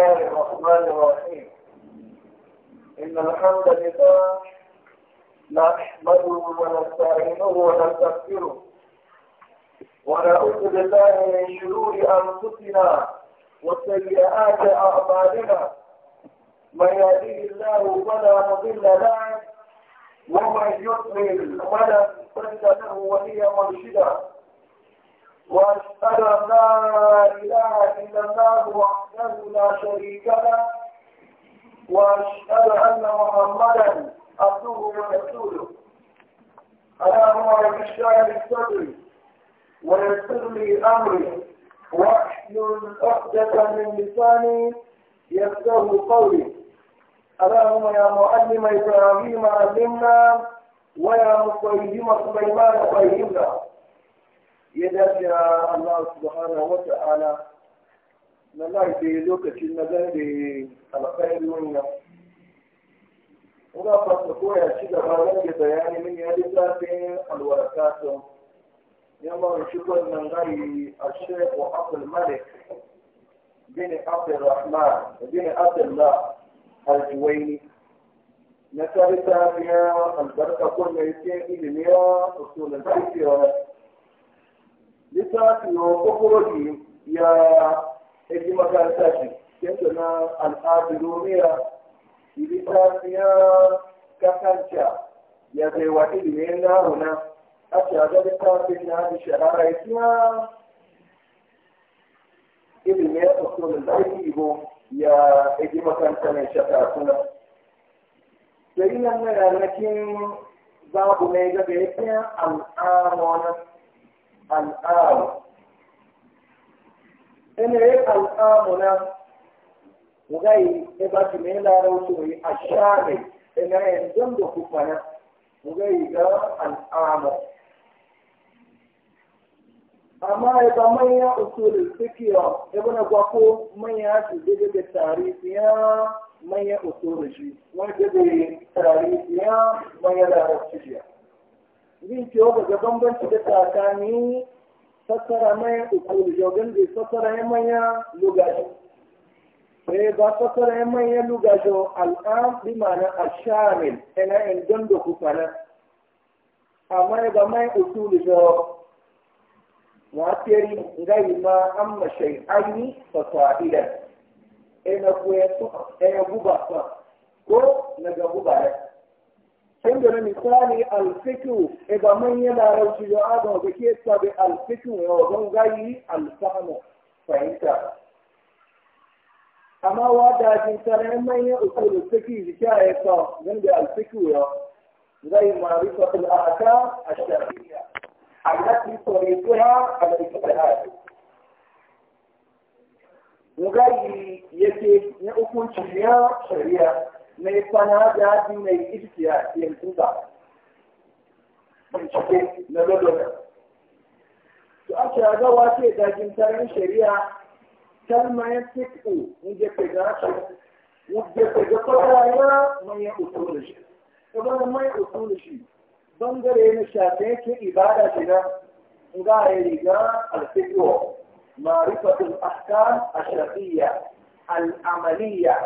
الله الرحمن الرحيم إن الحمد لله نحمده ونستعينه ونستغفره ونعوذ بالله من شرور أنفسنا وسيئات أعمالنا من يهده الله فلا مضل له ومن يضلل فلا تجد له وليا مرشدا وأشهد أن لا إله إلا الله وحده لا شريك له وأشهد أن محمدا عبده ورسوله اللهم رب اشرح الصدري ويسر لي أمري واحلل عقدة من لساني يفقه قولي اللهم يا معلم إبراهيم علمنا ويا مقيم سليمان قيمنا ya dace Allah subhanahu wa ta'ala na laife lokacin na zan da alkhairi wannan ina fasa koya ci gaba zan da bayani min ya lissafin Ya ma shi wannan gari a shekwa abdul malik bin abdul rahman bin abdullah aljuwaini na tarita biya albarka kuma yake ilimiya usulun fikirar littafin na kwakwaroki ya ɗaki makaranta shi yadda na al'adiromiya littafin ya kasance ya zai wata ilimin naruna a shaga littafin na da shahara ya kiya ilimin ya faso da zai ibo ya ɗaki makaranta mai shaka suna sai nan na yanakin babu mai gaba ya kiya al'amona al'am ene ye na mugai ebe ba ti me la ro so yi ashari ene en don ga al'amu amma e ba manya usul fiqh e na gwako manya su de tarihi ya manya usoro shi wani tarihi ya manya da shi. zai ce wa ga bambanci da tsakani fassara mai uku jogan da fassara ya manya lugajo eh ba fassara ya manya lugajo al'am bi a ashamil ina in don da fara amma ya ga mai ukul jo wafiyari ngai ma amma shay'ani fasahilan ina ko ya guba ko na ga guba sun da misali alfikin idan e mun yi larauci da adam da ke sabi alfikin e yau don gayi alfahamu fahimta amma wa da jin tare manyan usul fiki zika ya sa don da alfikin yau zai marifa al'ata a shari'a التي طريقها الاجتهاد وغاي يتي نأكل شريعة شريعة mai fana da haɗi mai iskiya yanzu ba bincike na lodona to a ce ga wace dajin tarin shari'a kalma ya fitu in je ke ga shi in je ke ga kwaya manyan usulu shi kuma da manyan usulu shi bangare na shafe yake ibada shi na ga ya riga alfiqo ma'rifatul ahkam ash-shar'iyya al-amaliyya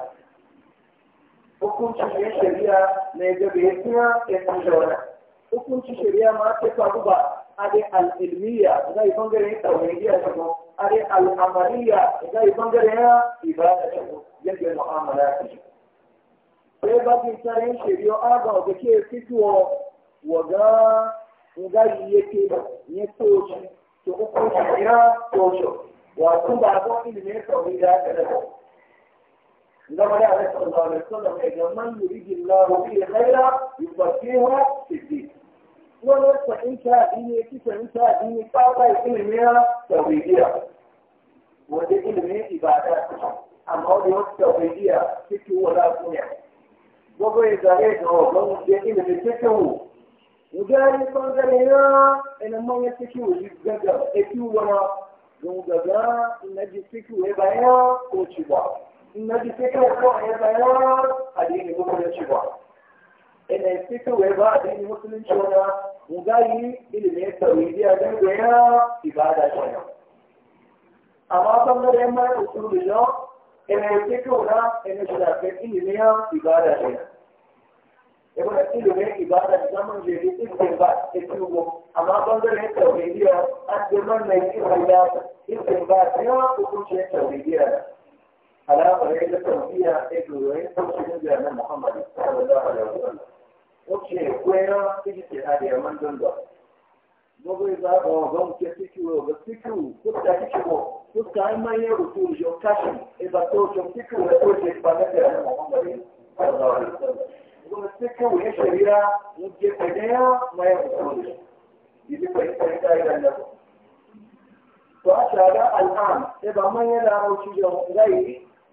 hukuncin ne shari'a ne ga bai tsira ya san shawara hukuncin shari'a ma ta faru ba ade al-ilmiya zai bangare tauhidiyya ta ko ade al-amaliya zai bangare ya ibada ta ko yadda mu'amala ta sai ba ki tsarin shari'a aga ga ke fituwa waga ngai yake ba ya toci to hukuncin shari'a toci wa kuma ba ko ilmi tauhidiyya ta ko إنما لا عليه الله عليه وسلم إذا من يريد الله به خيرا يفكيه في الدين ونفس فإنك ديني كيف إنك ديني فاقا إلمية توحيدية ودي إلمية إبادات أما هو التوحيدية فكه ولا كنع وقال إذا إيه هو دي إلمية فكه وجاري هنا إن ما يتكيه جدا إتيو ولا جدا إن جدا إيه بيان كوتشي بابا na ji sai kai ko ya bayar addini musulunci ba ina sai kai ba addini musulunci wala mu ga yi ilimin tauhidiya da goya ibada shi amma kan da yamma usulu ina sai kai ina shi da kai ibada shi ibn ilimin ibada zaman je da ilimin ba ilimin amma bangaren tauhidiya addiman ne ibada ilimin ba ya hukunce tauhidiya على طريقة فيها تجربين توصل إلى محمد صلى الله عليه وسلم وكي كويرا تجد هذه من دون Gbogbo ìgbà ọ̀gbọ́n kẹ síkìwò ọ̀gbọ́n síkìwò tó ta síkìwò tó ba ẹ máa yẹ òtún òjò káṣì ìgbà tó òjò síkìwò ẹ tó ṣe ìpàdé ẹ̀ Gbogbo síkìwò yẹn ṣe ríra ń jẹ pẹ̀lẹ́ yá máa yẹ òtún òjò. Ìdí pẹ̀lú pẹ̀lú ká ìdánilẹ́kọ̀ọ́. Tó a ṣàdá àlùfáà ẹ bá máa yẹ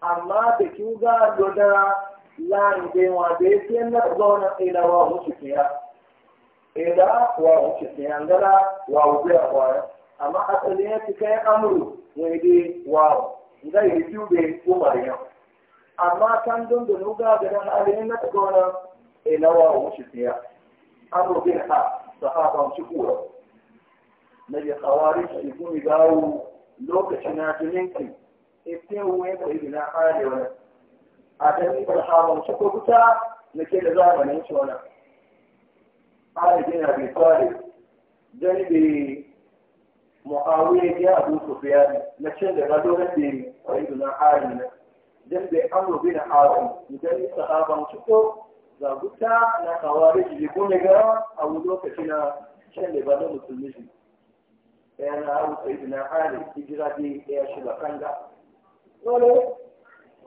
amma da ga lodara lan de wa de na zona ila wa hukiya ila wa hukiya ngala wa ubya wa amma asali ci kai amru ne de wa ngai de ko Mariya. amma kan don da nuga eh, da nan alin na zona ila wa hukiya amru bin ha sahaba shi kuwa nabi khawarij ibn dawu lokacin na ki. ifewu ya koyi gina arewa a ta yi barhawan shi ko kuta na ke da zamanin shi wani arzikin na bai kware don bai mu'awiyar ya abu sufiya na ce da gado na bai koyi gina arewa ne don bai amur bin hawa idan yi shi ko na kawari shi ko ne ga abu lokaci na shan da gado musulmi ɗaya na abu koyi gina arewa hijira ɗaya shi ba kanga dole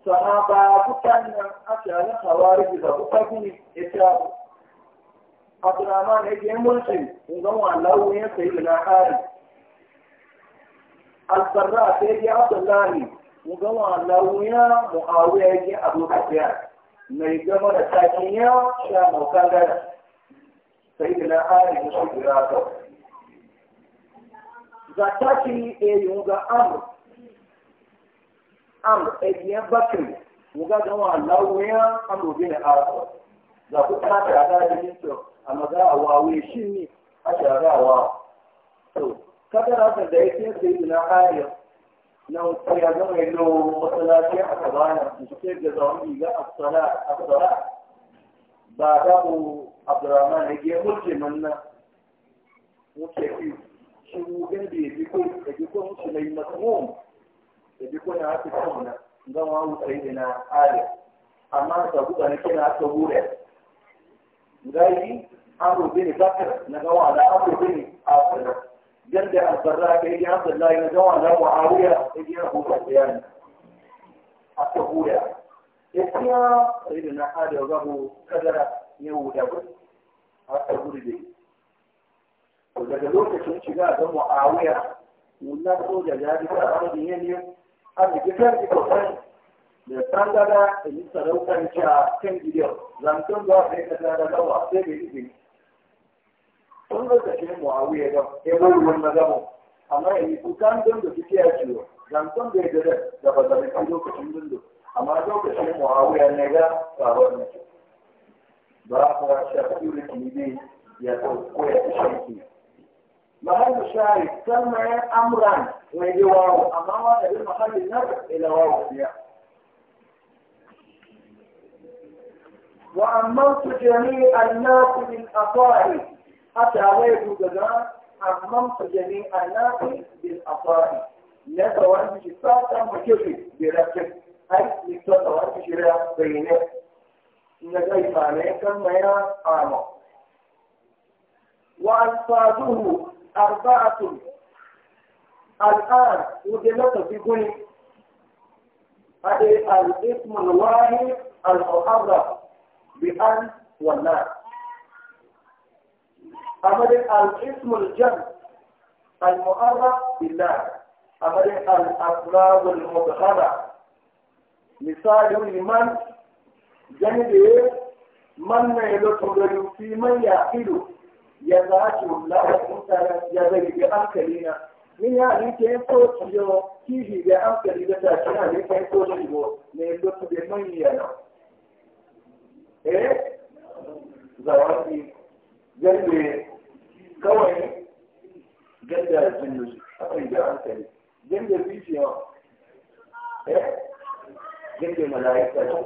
sahaba mutanen ashirin hawari da kuka gini ya sha Abdurrahman ya je mulki in ga wallahu ya sayi da hari Al-Barra sai ya Abdullahi in ga wallahu ya Muawiya ya je Abu Sufyan mai gama da takin ya sha maukan gada sai da hari ya shi gira ta Zakati e yunga amur am ɗaya bakin muga gawa lauya am bin aso da ku ta ta da ni to amma ga awawe shin ni a sharawa to kada ra da yake sai na ariya na sai ya zama yalo masallaci a kabana shi da zawon diga as-sala as-sala ba da ku abdurrahman ne ke mulki manna muke fi shi ugan da yake ko yake ko shi ne masmum da duk wani haka kamuna zan wawu da na ali amma ta buga na kina ta hure gai amru bin bakr na gawa da amru bin asir janda al kai ya abdullahi na gawa da muawiya sai ya buga bayani a ta ya ikiya sai na ali gabu kadara ne wuda a ta hure dai daga lokacin shiga ga muawiya wannan soja ya bi ta arabin yanyin arzikitar ikokan da sangada da yi sadaukar cewa kan gidiyon zantun zuwa sai ka tada lawa sai da izini sun lokacin muawiya ga ewar wannan gamo amma yi kukan don da suke ya ciwo zantun da ya gada da ba zaɓi kan lokacin dundu amma lokacin muawiya ne ga sabon na ce ba a ka shafi da ne ya ko ya fi shanki mahal shahid kalmar amran ويجي واو أمامة تجي محل النفع إلى واو فيها وأممت جميع الناس من أطائي حتى ويجو جزاء أممت جميع الناس بالأطائي لا توانت جساتا مكفي برسك أي نكتب توانت جريا بينك إنك أي فعليك المياه آمو وأنفاده أربعة الآن وجدت في قولي هذا الاسم الله المحرم بأن والناس أمر الاسم الجمع المؤرخ بالله أمر الأسباب المدخلة مثال لمن جنبه من يلطف في من يعقل يزعج الله تعالى يزعج بأنكلنا ní àrí tẹ́ ń kó tìyọ kí ìrìnlẹ̀ áńkẹ̀lì lẹ́ta kí àrí tẹ́ ń kó tìyọ ní lókùnrin mọ́ ìyànà. Eh? Zawadi, gẹ́gbẹ́ kawai gẹ́gbẹ́ àjùlù àpẹjọ áńkẹ̀lì, gẹ́gbẹ́ fífihàn, eh? gẹ́gbẹ́ màláìkà tó.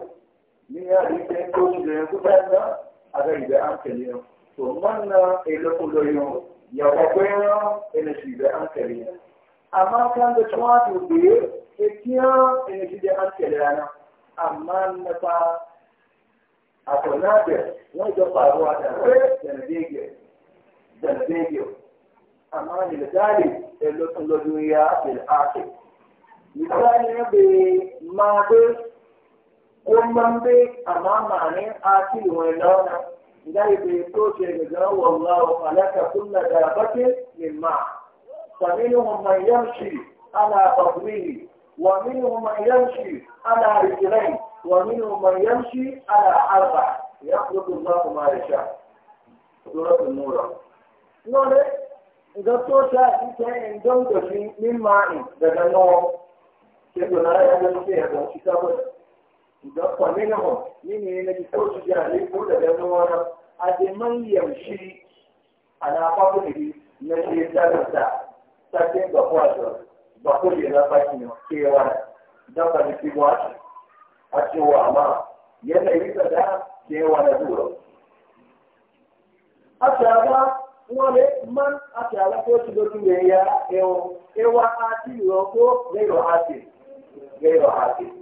Ní àrí tẹ́ ń kó kó bá ń ná àpẹjọ áńkẹ̀lì náà. Tòun máa ń ná èlòkùnrin náà. ya kwakwaya ina da an amma kan da cewa to biye ikiya ina shi da an kare na amma na fa a kwana da wani da faruwa da rai da zege da amma ni da dali da lokacin da duniya bil akhir misali ne bai ma bai ko man amma ma ne akil wani launa إلهي بيتوشي قال الله خلق كل دابة من ماء فمنهم من يمشي على بطنه ومنهم من يمشي على رجلين ومنهم من يمشي على أربع يخلق الله ما يشاء سورة النور نور إذا توشى إنسان جمد في من ماء دجنوم كيف لا يمشي هذا الكتاب da kwaninahu nini ne nake kawai su jira ne ko da ganin wani adiman yaushe a na kwakwani ne na shi ta rasa sakin ga kwakwani ba ku ne na baki ne kewa da ne kiwa a ma yana ko ya e e ko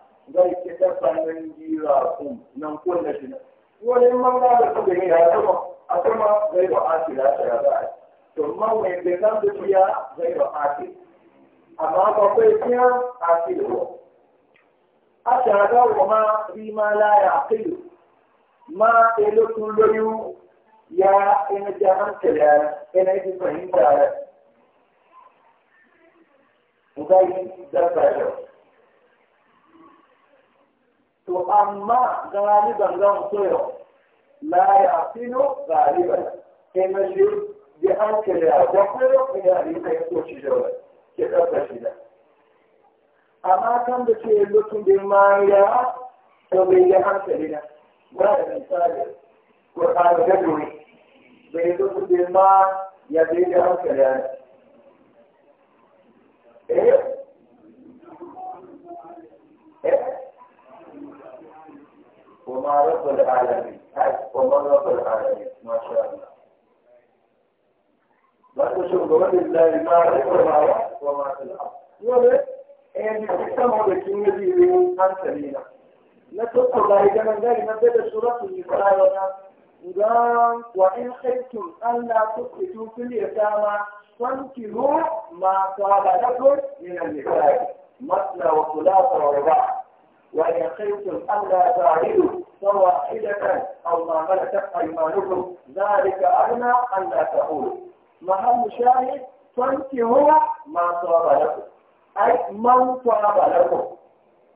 zai ci dafa nan jira kun nan kunna shi wani manga da su ya a sama zai ba a shi lafiya ya za to ma mai nan da zai ba a shi amma ba kai biya a shi da wani a shaga wa ma la ya kai ma ilo e loyu ya ina e ji hankali ya ina e ji fahimta ya. Mugayi zarfa yau. تؤمى غالبا لهم صيرا لا يعقل غالبا كما جيب بأن كلا وقيرا من هذه الحيث وشجرة كذا تشجد أما كان بشيء لكم بالمعيا فبيل عن كلنا وهذا من صالح قرآن جدوي بيدوكم بالمعيا يبيل عن كلنا إيه وما رب العالمين وما رب العالمين ما شاء الله ما تشوف رب الله ما رب العالمين وما في الأرض ولا أن تسمع بكلمة عن سبيلنا نتوقع ذلك من ذلك من ذلك سورة النساء قال وإن خفتم لا تقسطوا في اليتامى فانكروا ما طاب لكم من النساء مثنى وثلاث ورباع وإن خفتم ألا تعيدوا فواحدة أو ما ملكت أيمانكم ذلك أن ألا تقولوا محل شاهد فانتهوا ما صاب لكم أي من صاب لكم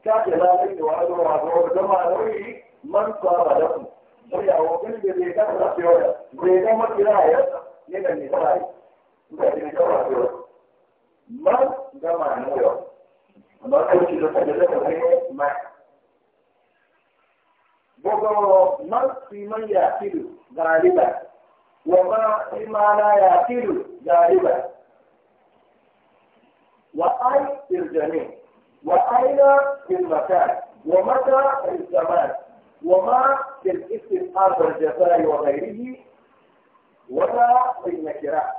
كذلك وعدوا وعدوا كما نريد من صاب لكم ويا وكل بيتا رسيولا بيتا ما كرايا من النساء بيتا رسيولا من كما نريد ما كنت تتجلى من وما ما في من يأكل غالبا وما في ما لا يأكل غالبا وأي في الجميع وأين في المكان ومتى في الزمان وما في الاستثمار والجزاء وغيره ولا في النكرات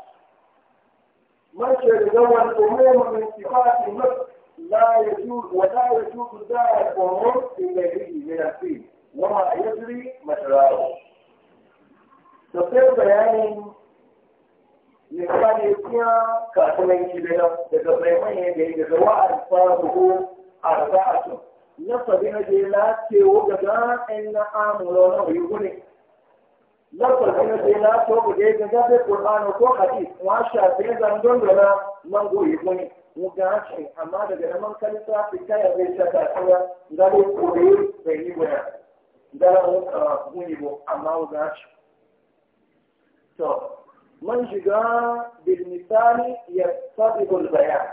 من شربوا الأمور من صفات الملك لا يجوز ولا يجوز ذلك أمور في غيره من الفيل wama yadri masraro da sai bayanin misali kuma kasuwanci da daga bai manya da yake da wa a arba'atu na sabi na je na ce wo daga ɗan na amulo na wuyi gune na sabi na je na ce wo daga na gabe qur'ani ko hadis wa shafe zan na man goyi gune mu gashi amma daga na man kalisa fita ya zai shaka kuma gado kore bai yi guna من جاء بالمثال يصدق البيان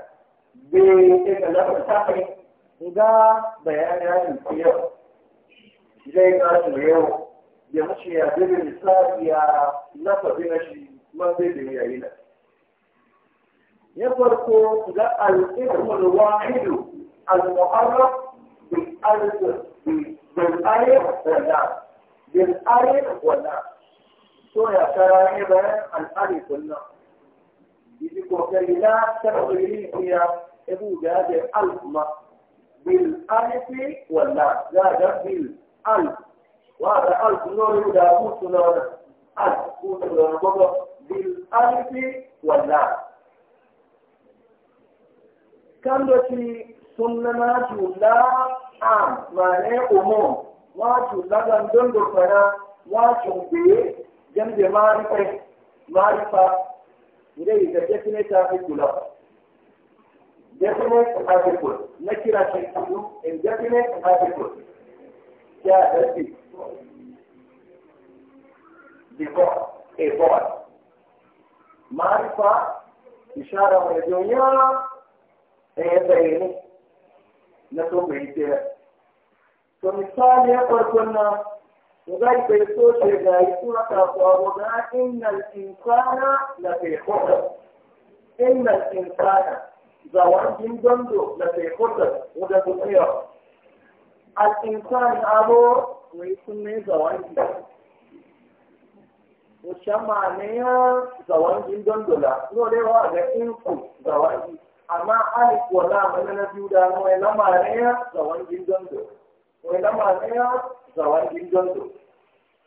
بإذا لم جاء بيان يعني جاي قاس اليوم يمشي بالمثال يا نفع بنشي ما بيدي يا إلا يفرقوا جاء الإذن الواحد المحرف بالأرض والناس بالأرض والناس سورة تراهب الأرض والناس يذكر كلمات تغييرية ابو جاد الألف بالألف والناس زاد بالألف وهذا ألف نور يدعى قوتنا ألف قوتنا بالألف والناس كان لك سنة جلال am mane umu wato lagan dondo dokana wato biye jambe marifa marifa ne da definita fi kula definite article na kira ke shi kudu indefinite article ya dafi before a board marifa ishara mai duniya ɗaya bayani na so bai tsira to misali ya farko na وذلك يسوس يجايسون تقوابنا إن الإنسان لفي خطر إن الإنسان زوان جندو لفي خطر وده بطير الإنسان أبو ويسمي زوان جندو وشما نيا زوان جندو لا نولي واغا إنكو زوان أما ألف ولا من نبيو دانو إلا ما نيا زوان جندو ولما نيا زوان جندو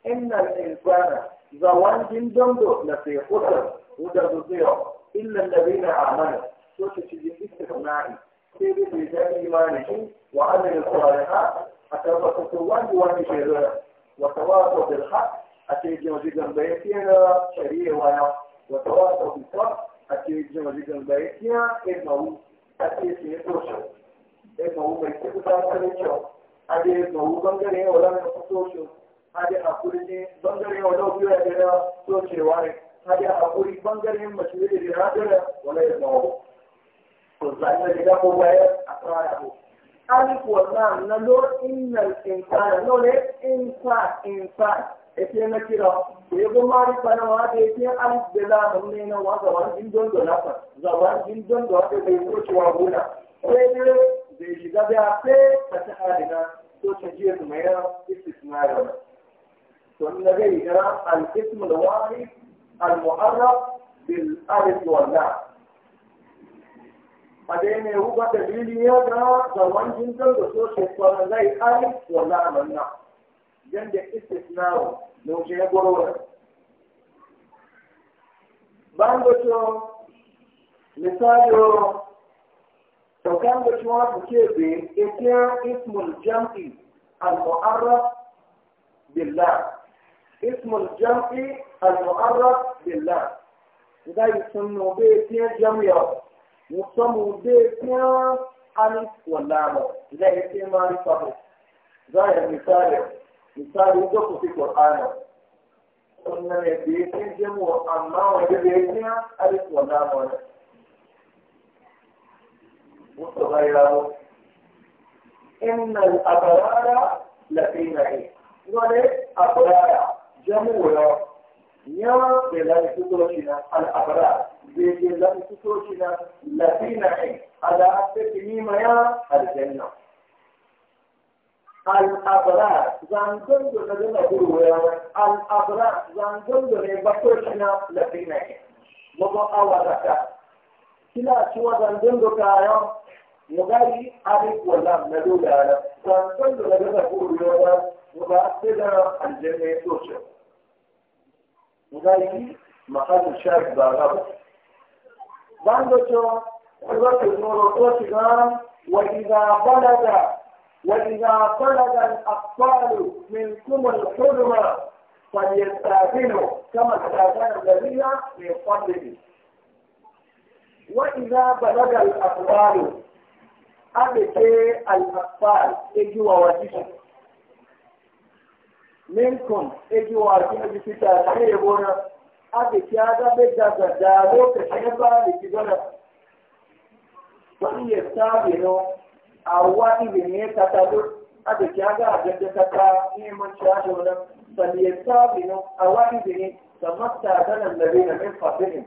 إن الإنسان زوان جندو نفي خسر ودرزيو إلا الذين آمنوا شو تشجي استخناعي سيدي في ذات إيمانه وعمل الصالحات أتبقى كتوان جوان شيرنا وتواصل بالحق أتيجي وجيجن بيتنا شريع ويا وتواصل بالصبر أتيجي وجيجن بيتنا إنه أتيجي يتوشل إنه ما يتوشل aje tsohu bangare wadanda ya fito aje hakuri ne bangare wadanda biyu ya aje hakuri bangare mace ne da wala ya tsawo to zai da ga ko baya a tsara ko alif wannan na lo innal insana no ne na kira ko yego mari bana wa da ete alif da ne na wa ga wa don do na fa za wa don do da bai ko ciwa gona sai bai shiga biya sai ba ta halina ko ta jiya kuma ya istisna da ba. To ina zai yi gara al-ismu da wani al-mu'arraf bil alif wal la. A dai ne ruba da liliya da da wancin kan da so ce kwana zai alif wal la manna. Yanda istisna wa yaushe ya gwarwara. Bango to misali وكان بشوار بكيبي إتيا اسم الجمع المعرف بالله اسم الجمع المعرف بالله إذا يسمى بيتيا جمع يسمى بيتيا ألف واللام إذا يتيا معرفة ظاهر مثال مثال يدق في القرآن قلنا بيتيا جمع أما وجد بيتيا ألف واللام وغيره إن الأبرار لفي نعيم ولي أبرار جمهورا يا بلاد سطوشنا الأبرار بلاد سطوشنا لفي نعيم على أسفل نيما يا الجنة الأبرار زنجل دون دون الأبرار زنجل دون بطوشنا لفي نعيم مبقى ورقة kila ciwa zangon da kayan ya gari abin wannan na dole na zangon da daga da kuriyo ba ba a sai da aljanna ya soce gari mahallin shari ba ba ban da cewa kurbatun noro ko shiga وإذا بلغ وإذا بلغ الأطفال منكم الحلم فليستأذنوا كما استأذن الذين من قبلهم وإذا بلغ الأطفال أبكي الأطفال إجوا وجيشا منكم إجوا وجيشا بسيطة سيبونا أبكي هذا بجازة دالو كشبا لكذلك وإن يستعملوا أولي بنية تتدر أبكي هذا أجد تتا إيمان شاشونا فليستعملوا أولي بنية فما استعدنا الذين من قبلهم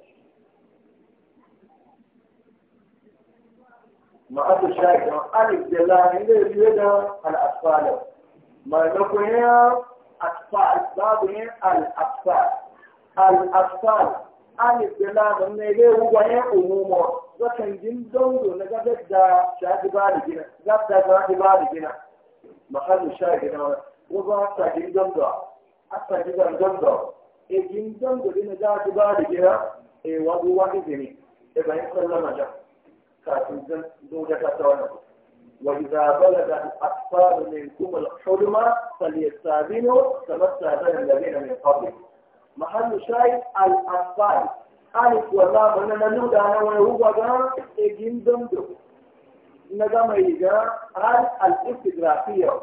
محل الشاهد ألف دلالة يريد الأطفال ما نقول هنا أطفال باب هنا الأطفال الأطفال ألف دلالة من يريد وين أمومه وكان جندون دون قبلك دا شاهد بالي جنا قبل دا شاهد بالي جنا محل الشاهد هنا وضع أكثر جندون دا أكثر جندون إيه جندون دون قبلك دا شاهد بالي جنا إيه وضع واحد جني إيه بين كل ما kafin zan zo da kasa wani abu. Wa iza bala da asfaru ne kuma shulma saliya sabino da masu sabon da bai mai fabi. Mahallu shayi al'asfaru. Ani kuwa za mu na nanu da na wani ruwa ga egin zamto. Na gama yi ga an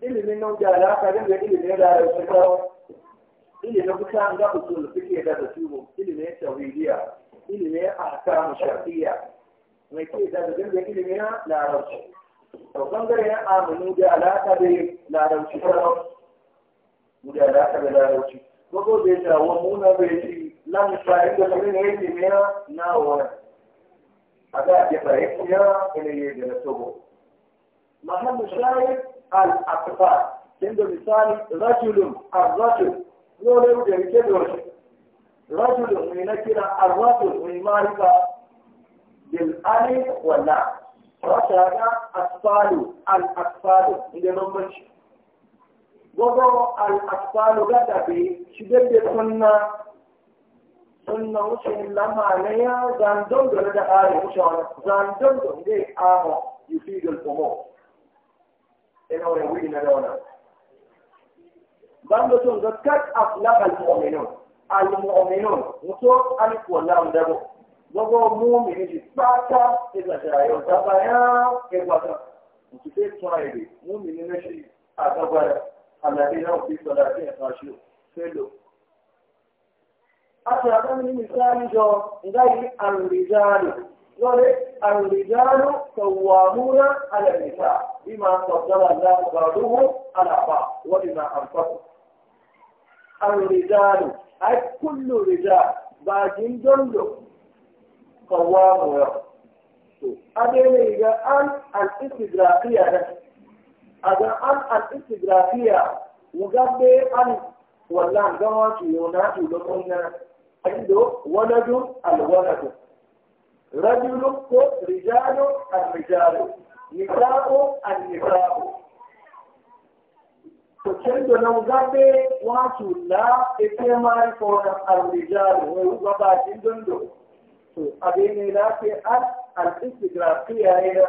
Ilimin nan da alaƙa din da ilimin da ya shi kawo. Ilimin kusa an ga usul suke da da su ilimin tawiliya, ilimin a kan shafiya, mai ke da da ilimi na larabci to bangare na amanu da alaka da larabci mu da alaka da larabci gogo da ya wa muna bai ci lam sha'in da kamar ne yake ne na wani a ga ya fara fahimci ya ne ya da tobo mahallu sha'in al-aqfar inda misali rajulun ar-rajul ne da yake da rajulun mai na kira ar-rajul ne marika بالالف واللام wata ya asfalu al-asfalu inda bambanci gogo al-asfalu ga dabe shi dabbe sunna sunna wuce lama ne ya zandon da da ari wuce wani zandon da ne amo yufidul umo ina wani na da wannan banda sun lọ́wọ́ mú mi ní pátá ìgbàjà ìyọ̀dá báyá ẹgbàdá òtútù tún àìrè mú mi ní méjì àgbàgbàrà àlàyé náà fi sọ̀rọ̀ àti ẹ̀ka ṣe fẹ́lò. a sọ̀rọ̀ kan ní misali jọ ngáyé àrùnrìjáàlù lọ́rẹ́ àrùnrìjáàlù kọ̀wàmúná alẹ́nìta bí máa sọ sọ́ra lágbàdúgbò àlàpà wọ́n ti na àǹfààní. àrùnrìjáàlù àìkúlù rìjà bàjẹ́ ń dọ́ndọ̀ قوام ويا أدين إذا أن الاستدراكية أذا أن الاستدراكية وقبل أن ولا جمع يونات يدخلنا عنده ولد الولد رجل رجال الرجال نساء النساء Tocendo não gabe, o ato lá, e tem mais fora, a mulher, o gabatinho أبيني لاتي أت الإستجرافية إلى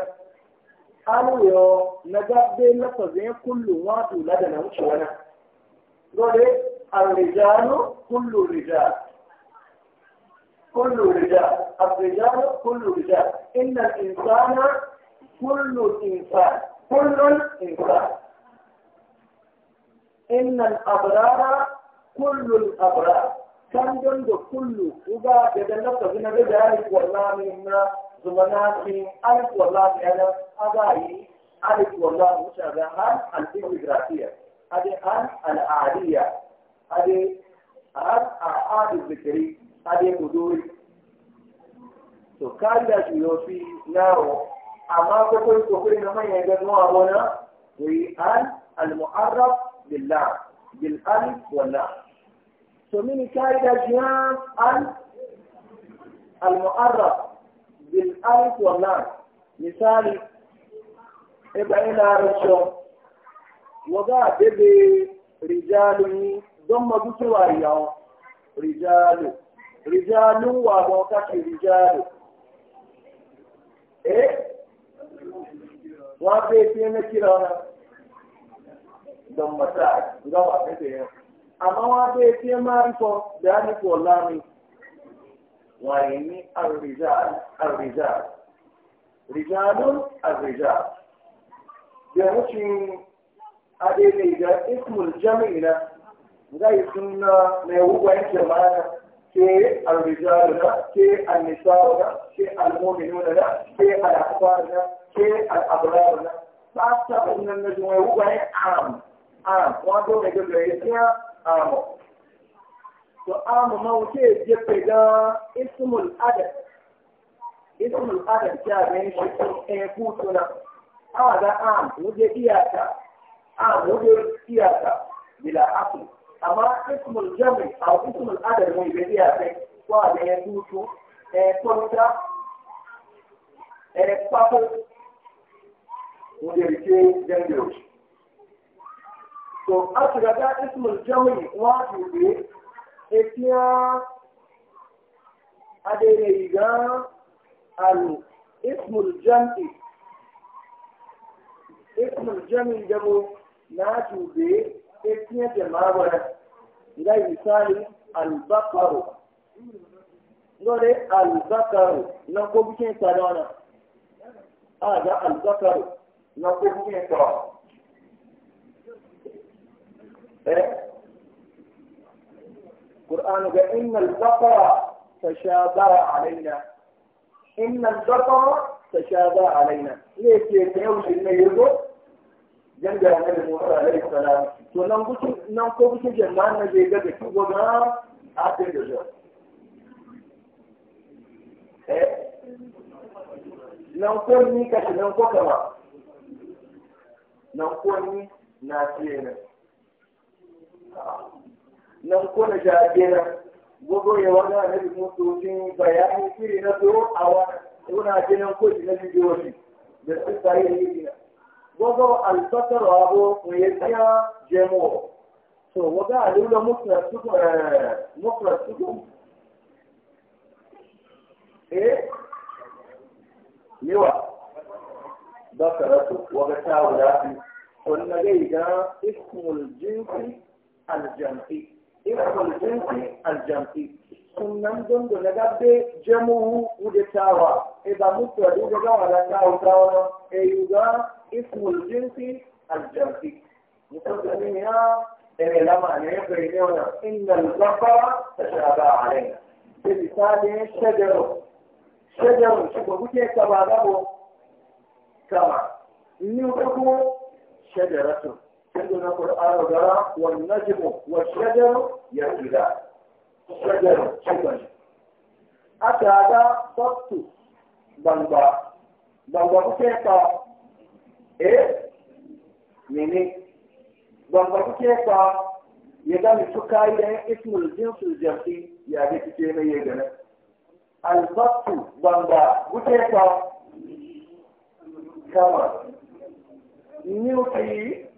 قالوا يو نجاب دي لفظين كل واد ولدنا مش وانا قولي الرجال كل الرجال كل الرجال الرجال كل الرجال إن الإنسان كل الإنسان كل الإنسان إن الأبرار كل الأبرار كان دون كله وبا يدلنا تبين ذلك والله منا زمانات ألف والله أنا أدعي ألف والله مشابه عن الإمبراطية هذه عن الأعلية هذه عن أعاد الذكري هذه بدور تكاد يوفي ناو أما كل كفر ما يجمع هنا وي عن المعرف بالله بالألف والله ومن كايدا جهان المؤرخ بالألف واللام مثال إبعين عرشو وضع ببي رجال ضم بسواريا رجال رجال وموتك رجال إيه وابيتين كيرانا ضمتاك ضمتاك àmọ́ wọ́n á bẹ́ẹ̀ tí ẹ máa ń kọ́ dáàbò pọ̀ láàrin wàyí ní àrìjà rìjà ló àrìjà jẹ̀mú ti adéle ismul jami na nga yi sunna jama'a ke àrìjà na ke ànìsá na ke àlmọ́mìnú na ke na ke àbúrà na bá sábà nínú ẹgbẹ́ wọn ewu wani àm àm wọn tó amu to ma wuce je ga ismul adad ismul adad ya ne shi e ku tuna awa da am wuje iyaka am wuje iyaka bila asli amma ismul jami ismul adad mun bi iyaka ko da ya e e papo wuje ke jangiro to a shiga da ismul jami wato ne ikiya a daidai ga al ismul jami ismul jami jamo na tube ikiya jama'ar ga misali albakaru lore albakaru na ko bikin sadana a ga albakaru na ko bikin القرآن إيه؟ قال إن البقرة تشابه علينا إن البقرة تشابه علينا ليش يتعوش إنه يقول جنب النبي موسى عليه السلام وننقص ننقص جمعنا جيدا بكي وما عاتل جزء إيه؟ ننقص كشي ننقص كما ننقص ناسينا nan kuna jagera gogo ya wanda na bi mutu cin bayani shiri na zo a wani kuna jinan koji na bidiyoyi da su tsaye da yi gogo albasar abu mu ya jemo to waga a lura mufra suku eh yawa basaratu waga ta wadafi wannan gai ga ismul jinsi الجنسي اسم الجنس الجنسي sunan don da daga be jamuhu udetawa idan mutu da daga wala ta utawa e yuga ismul jinsi al jinsi mutum ya e la ma ne bai ne wala innal zafara tashaba alaina bi misali shajaru shajaru shi ko kuke ka ba gabo kama ni ko shajaratu عندنا قرآن وقراء والنجم والشجر يأكلان شجر شجر أتى هذا ضبط بنبا بنبا كيفا إيه مني بنبا كيفا يدا مشكاي ده اسم الجنس الجنسي يعني كتير يجنا الضبط بنبا كيفا كما نيوتي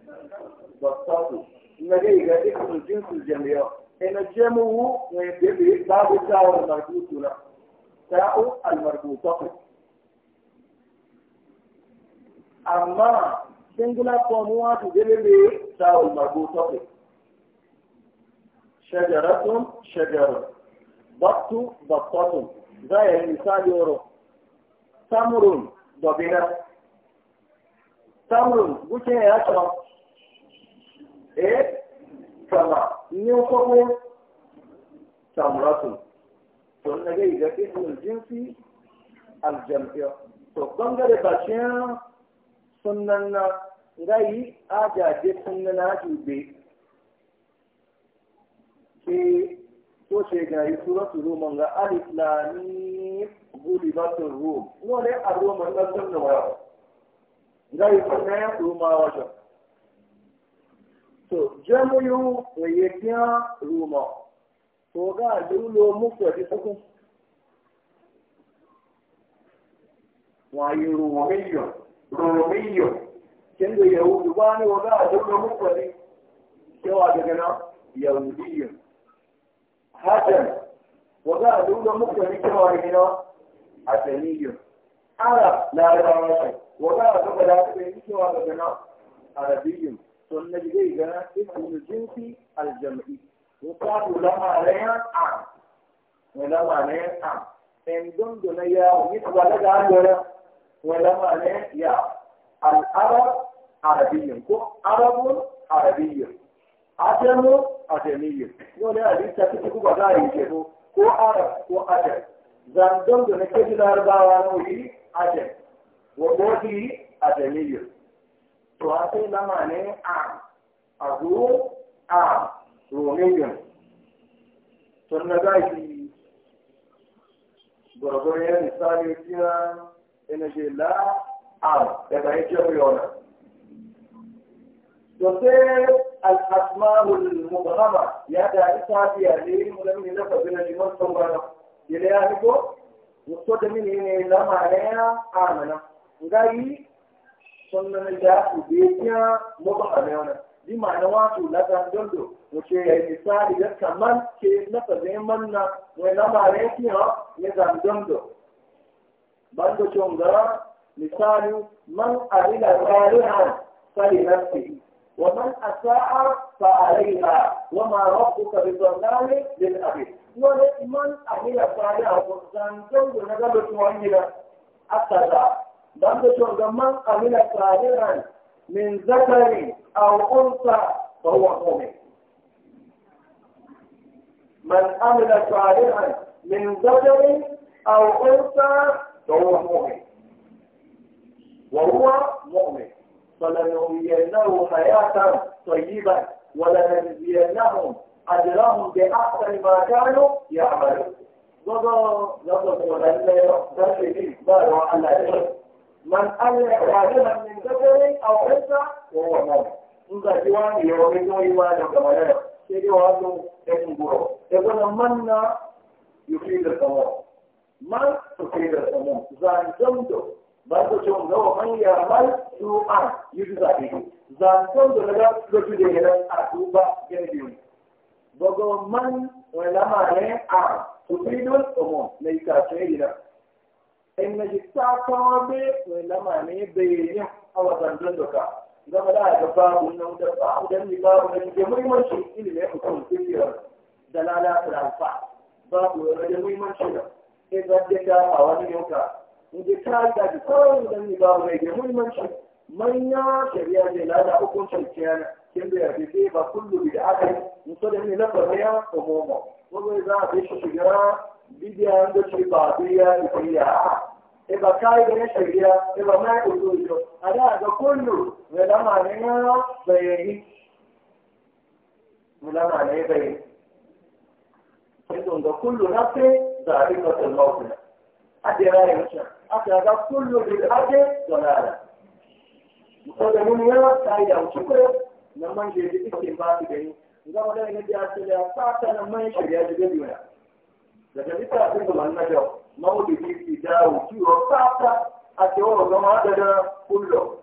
بطاطو الذي يجعل الجنس الجميع إن جمعه ويبدأ باب التاء المربوط له تاء المربوطة أما سنجلا قوموا تدلل تاء المربوطة شجرة شجرة بط بطة زي مثال يورو تمر ضبنا تمر وكي يشرب eh sama in yau kwakwo samuratu Don na gai ga ismul jinsi aljamfiya to bangare bacin sunan na gai ajaje sunan na jube ke ko ce gari suratu roman ga alif lamim gulibatun rom wani a roman ɗan sunan wa yau gai sunan ya romawa wajen to jamuyu wa yakiya ruma to ga lulo muku da kuku wayi rumayyo rumayyo kin da yahudu ba ne wa ga lulo muku da cewa daga nan yahudiyyo hajar wa ga lulo muku da cewa daga nan hajaniyyo arab larabawa wa ga lulo da cewa daga nan arabiyyo sunna bi zai gana ibn jinsi aljam'i ko ka dole ma raya an ne da an en don don ya ni to wala ga dole wala ma ne ya al arab arabiyyan ko arab arabiyyan ajamu ne ali ta ci ku ba ga yi ke ko ko arab ko ajam zan don don ne ke da arabawa no yi ajam wa bodi ajamiyyan to a sai zama ne a a zo a romanian tun na zaki gwargwaron misali kina ina la a daga yake yana to sai al'asma'ul mubahama ya da ita biya ne mulmi na fazila jimar saurara ya da ya fito musto da mini ne lama ne a amana ngayi sannan da su biya mabahanana bi ma'ana wato na gandondo wace ya yi misali da kamar ke na tsaye manna wai na mare kiya ya gandondo bando chonga misali man arila rarihan fali nafsi wa man asa'a fa alaiha wa ma rabbuka bi dhallali lil abid wala man arila rarihan fa gandondo na gaba tuwan gida akaza بعد شرجمان قبل من ذكر أو أنثى فهو مؤمن من عمل صالحا من ذكر أو أنثى فهو مؤمن وهو مؤمن فلنحيينه حياة طيبة ولنجزينهم أجرهم بأحسن ما كانوا يعملون. وضع لفظ ولن يقدر به ما على من قال واجبا من ذكر او انثى وهو مؤمن in ga jiwa ne ya wani jiwa yiwa da gaba da sai dai wato ya kumburo ya gwada manna yufi da samo man su fi da samo zancen da ba su ce mun gawa hanyar mal su an yi su zaɓe ne zancen daga a duba gani biyu bago man wani ne a su fi da in na ji ta kawo be mai lama ne bayanin awa zanzan doka zama da aka babu na wuta ba a dan ni babu na jike muhimmanci ilimin hukum fikiyar da lalatar alfa babu na da muhimmanci da sai zaɗe ta a wani yauka in ji ta da ji kawai dan ni babu na jike muhimmanci manya shari'a ne lada hukuncin kiyana kin da yafi sai ba kullu bi da aka yi musulmi na farmiya ko momo ko zai za a bi shi shiga bidiya da ce ba biya da biya e va ba kai da shari'a e ba mai uzujo ada ga kullu da lama ne na bayani lama ne bayani sai ga kullu non è rikatul mawdu adira ya ce aka ga kullu bil hadi dalala ko da mun ya sai da uchuko non è da ikin ba su gani ga wannan ne da asali a fata na mai shari'a da biya daga littafin da mannaja maulidi ki dawo kiwo fata a cewa zama da da kullo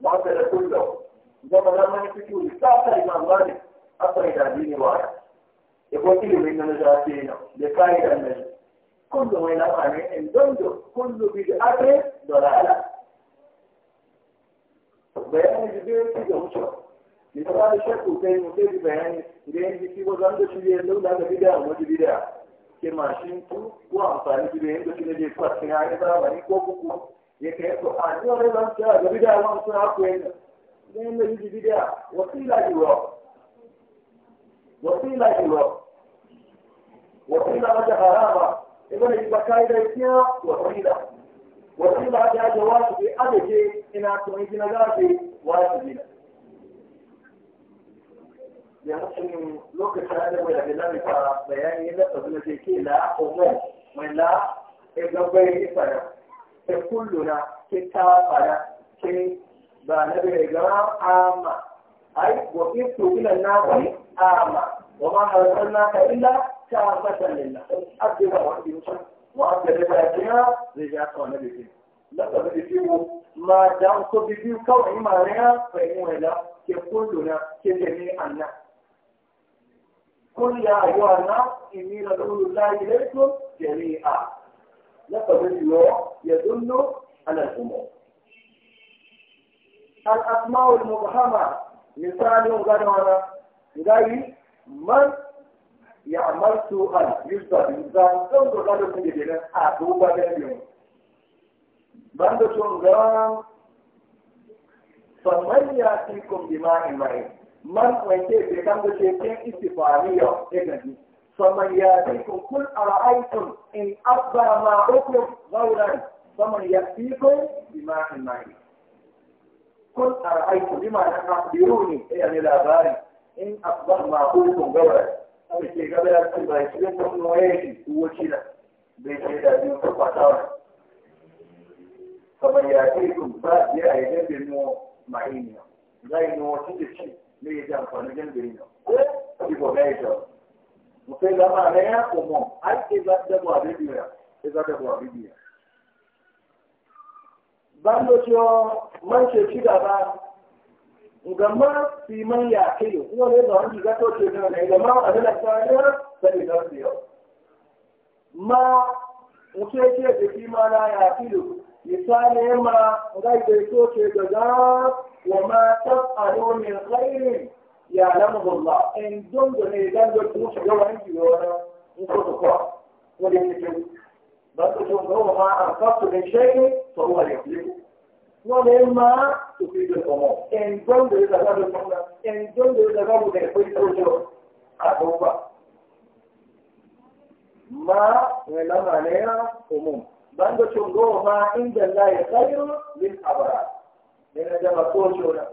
ma da da kullo zama da mani fito da fata imam malik akwai da dini waya e ko ilimin na da ce na da kai da nan kullu mai na fane in dondo kullu bi da ake dalala bayanin da zai ci da wucewa ita ba da shakku kai mu sai bayani da yin jiki ko zan da shirye da wula da bidiyar wajen bidiyar ke mashin tu ko amfani da yin jiki da jefa cikin hanyar ko kuku ya kai ko a ah, cikin wani zan da bidiyar wani sun haku yin da yin da jiki wasu ila iro wasu ila iro wasu ila wajen harama ibn ibn kaida kiya wasu ila wasu ila wajen wajen wajen wajen wajen wajen wajen wajen wajen wajen wajen wajen yawancin lokacin da mai da zai fara bayani na tsazuna ce ke la homo mai la ya gabai ya fara ke kulluna ke ta fara ke ba na bai gara ama ai wa iftu ila na wani ama wa ma harsar na ka illa ta fata lilla abdi ba wani mutum wa abdi da ta kira zai ja ka wani bibi na tsazuna da biyu ma dan ko bibi kawai ma ne ya fahimta ke kulluna ke jami'an na. قل يا أيها الناس إني رسول الله إليكم جميعا لقد الله يدل على الأمور الأسماء المبهمة مثال غنوانا غير من يعمل سوءا يجزى بالإنسان تنظر غير من يجينا أعطوبة اليوم بند شنغان فمن يأتيكم بماء معين man wanke ke kan da ke kan istifariya ya gani saman ya fi kun kun a ra'aikun in abba ma uku zauran saman ya fi kun bima in mai kun a ra'aikun na kafiru ne ya yi in abba ma uku zauran sai ke gaba ya ce ba shi kun noye shi kuwa shi bai ce da bi ku fata ba saman ya fi kun ba da mu ma'iniya zai yi wani ní ìdí àǹfààní gẹ́gẹ́ yìí ó ìbò mẹ́jọ. Mo fẹ́ gbà máa rẹ̀ kò mọ̀, á ṣe bá dẹ́gbọ̀ àbíbí rẹ̀, ṣe dẹ́gbọ̀ àbíbí rẹ̀. Bando tí ó máa ń ṣe sí bàbá, ǹgà máa fi máa ń yà kéyò, wọ́n lè bá ń jìgá tó ṣe náà rẹ̀, ǹgà máa àdúrà tó ń rẹ̀ sẹ́yìn náà sí ọ. Máa ń ṣe é ṣe é ṣe kí máa láyà kéyò. لسان امرأة غير صوت الجزاء وما تفعلوا من خير يعلمه الله ان دمتم ان دمتم تموت جوا انت جوا انت ما انفقت من شيء فهو يملكه ومما تفيد الامور ان دمتم اذا كانوا ان دمتم اذا كانوا تقول صوت الجزاء ما ولا ما لنا bando chungo ma inda Allah khairu lil abrar yana da maso shora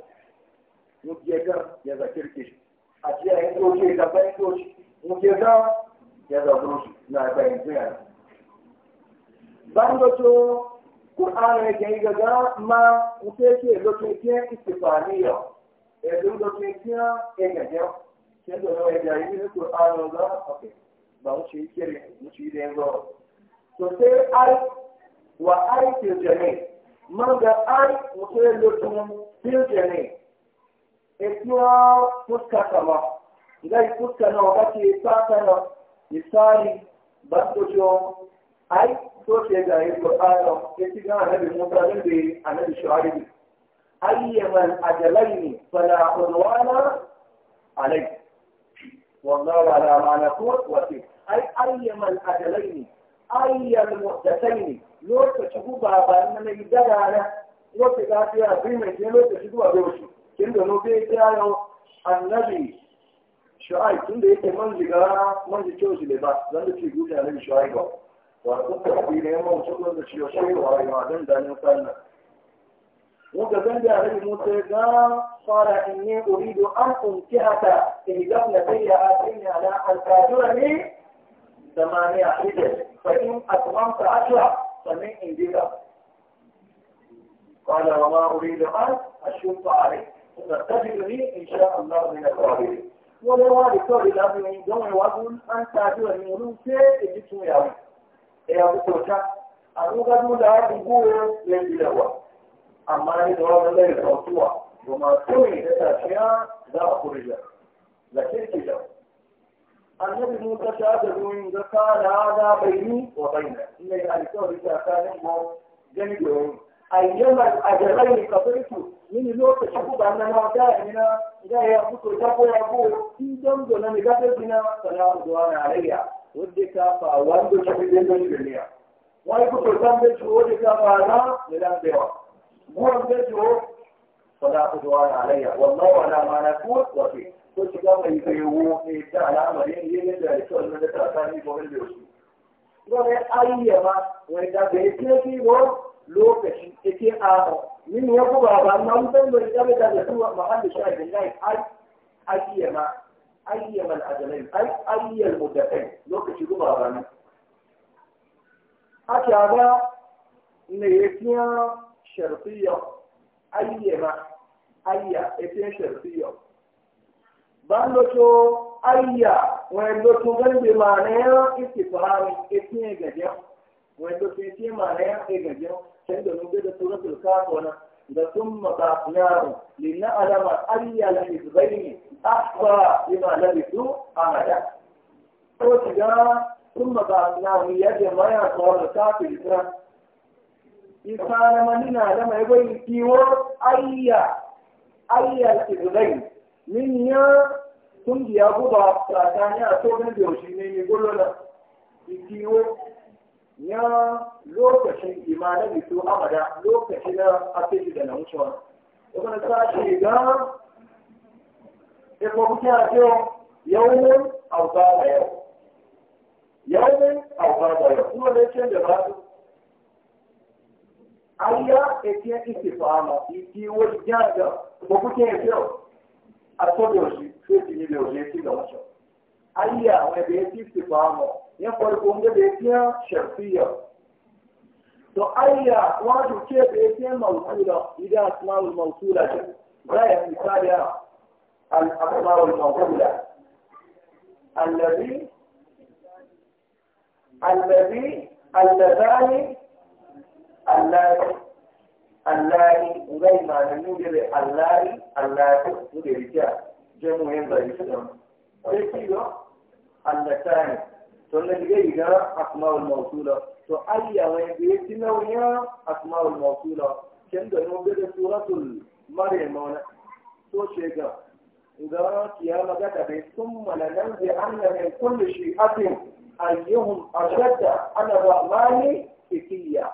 muke ga ya zakirki a jiya ya doke da bayan doke muke ga ya za shi na bayan jiya bando to Qur'an ya kai gaga ma muke ke zo ke ke istifaniya e dun do ke ke e ga ga ke do ya yi Qur'an ga ba mu shi kire mu shi da yanzu to sai ai wa ai ne, man ga ai mutum ya ne, kirjane ikiwa fuska kama ngai fuska na wakati sasa na misali bandojo ai so ce ga yi qur'ano yace ga annabi Musa dan da annabi Shu'aib ayyaman ajalaini fala udwana alai Wannan wala ma na kuwa wa ai ai man ayyaman ajalaini ayyar ne. lokaci guba ba na mai dagara wata lafiya bi mai ke lokaci guba da wasu kin da nobe ya yau annabi shu'ai tun da yake manzi jiga man ji kyau da ba zan da ci guda annabi shu'ai ba wa kuma da bi ne mun so da shi shu'ai wa ya dan da ne sanna wanda zan da annabi Musa ga fara in inni uridu an unkihata idan na tayya atina ala al-kajura ni ثمانية حجج فإن أتممت أجلع فمن إنجيلا قال وما أريد أن أشوف عليه فتجد لي إن شاء الله من الطالبين wọ́n wá lè tọ́ ìlà mi ìjọ́mọ̀ ìwádùn án tààdù ẹ̀mí olóhùn tí èyí tún yà rìn ẹ̀yà púpọ̀ ṣá àrùngájú dáa gbogbo rẹ̀ ìbílẹ̀ wà àmà ìdọ́rọ̀lẹ́lẹ́ ìtọ́tù wà ló máa tó ìrẹ́ta ṣe án dáa kúrò النبي المتشابه من قال هذا بيني وبينك يعني إن ذلك هو كان مو جنبهم أيما أجرين قبلت من نور تشبب أن ما دائمنا إذا هي أبوك الجب وأبوه في جنب لم يقبل بنا سلام دعانا عليها ودك فأواند شبب من الدنيا ويقول الجنب ودك فأنا للم بيوا مو الجنب صلاة دعانا عليها والله على ما نقول وفيه ko shiga mai kaiwo ne ta al'amarin yin da ya ce da ta sami gobe da su. Gobe ayyama wai da bai ce shi ko lokaci yake a min ya ku ba ba amma mutum bai da da su mahalli shahidin lai ai ayyama ayyama al'adalai ai ayyal muddakai lokaci ku ba ba ne. Haka ga ne yake sharfiyya ayyama ayya yake sharfiyya bandoto ayya wanda to gande ma ne ya istifhami itin gajiya wanda ke ce ma ne ya ke gaje sai da nuke da suratul kafona da thumma ba'nahu linna alama ayya la izbaini ahwa bima labithu amada to tiga thumma ba'nahu ya je ma ya suratul kafira isa na manina da mai bai kiwo ayya ayya izbaini min ya kungiya guba tsakani a tsohon da yaushe ne ne da ikiyo ya lokacin imanin da su amada lokacin na asiri da na wucewa ibn sashi ga ikon kya yau yawon auka da yau yawon auka da yau kuma da yake da ba su ayya ake istifama ikiyo jaga ko kuke yau a tsohon sai ne lauje ci ga wacce ayya wani da ya ci istifamu ya farko da da ya ci sharfiyya to ayya wato ce da ya ci mawsula idan asma'ul mawsula ce za ya misali al-asma'ul mawsula الذي الذي اللذان اللاتي اللاتي وغير ما نقول اللاتي اللاتي نقول رجال جمعين بيسلم بيسلم اللتان تنجيجا إيه أسماء الموصولة تأيا وين بيسلم ويا أسماء الموصولة كم دنو بيد سورة المريم وانا تو شيكا إذا قيامة كتبه ثم لننزعن من كل شيئة أيهم أشد على الرحمن إتيا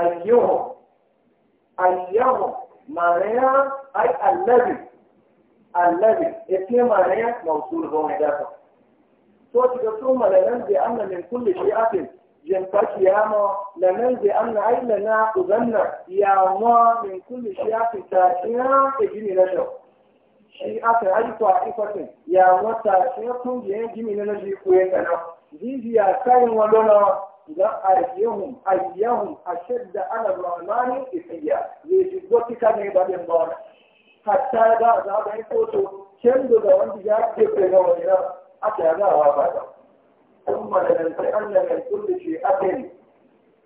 أيهم أيهم معناها أي الذي الذي اسمه هي موصول هو مدافع صوت ثم لننزي أن من كل شيئة جنبك يا ما لننزي أن أي لنا أذن يا ما من كل شيئة تاشينا تجيني نشو شيئة أي طائفة يا ما تاشينا تجيني نشو كويتنا ذي يا كاين ولنا أيهم أيهم أشد على الرحمن إسيا ذي جدوتك نيبا بالضالة hatta ga azaba ya koto kendo da wanda ya ke kai ga wani na aka ya gawa ba da kuma da nan sai an yana kullu shi akai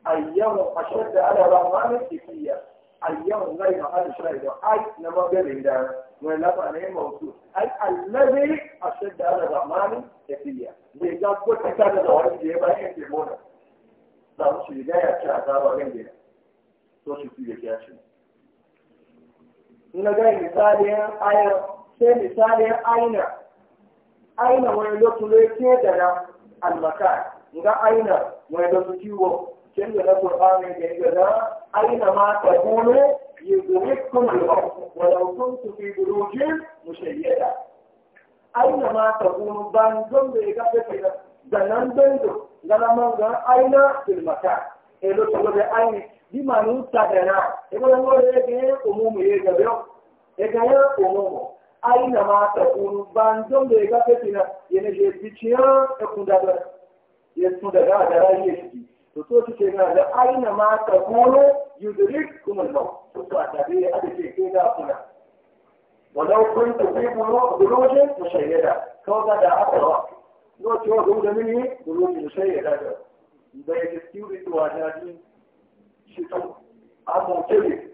ayyamu ashadda ala rahmanin tikiya ayyamu zai ma hada shi da ai na magarin da wani lafa ne mawsu ai allazi ashadda ala rahmanin tikiya ne ga gwata ta da wani da ya bayan ke mona da mu shi ga ya ci azaba gande to shi ke ya ci na ga misalin ayar sai misalin aina aina wani lokacin ke da na almaka ga aina wani lokacin kiwo kin da na qur'ani da ya ga aina ma ta kuma yudrikum al-maut wa law kuntu fi burujin mushayyada aina ma ta kuma ban zan da ya ga kai da nan dan da ga ga aina fil maka e lokacin da aina ima ni utagana ebona ngore ege omumu yegabyo egaya omumu aina mata kunu banzo mbega petina yene je bichiya ekunda da yesunda da da rayi to to kike na da aina mata kunu yudrik kuma no to to da bi a da ke ga kuna walau kuntu fi buruj mushayyada ko da da akwa no to da mini buruj mushayyada da da yake tiuri to ajadi شيطان هذا مبتدئ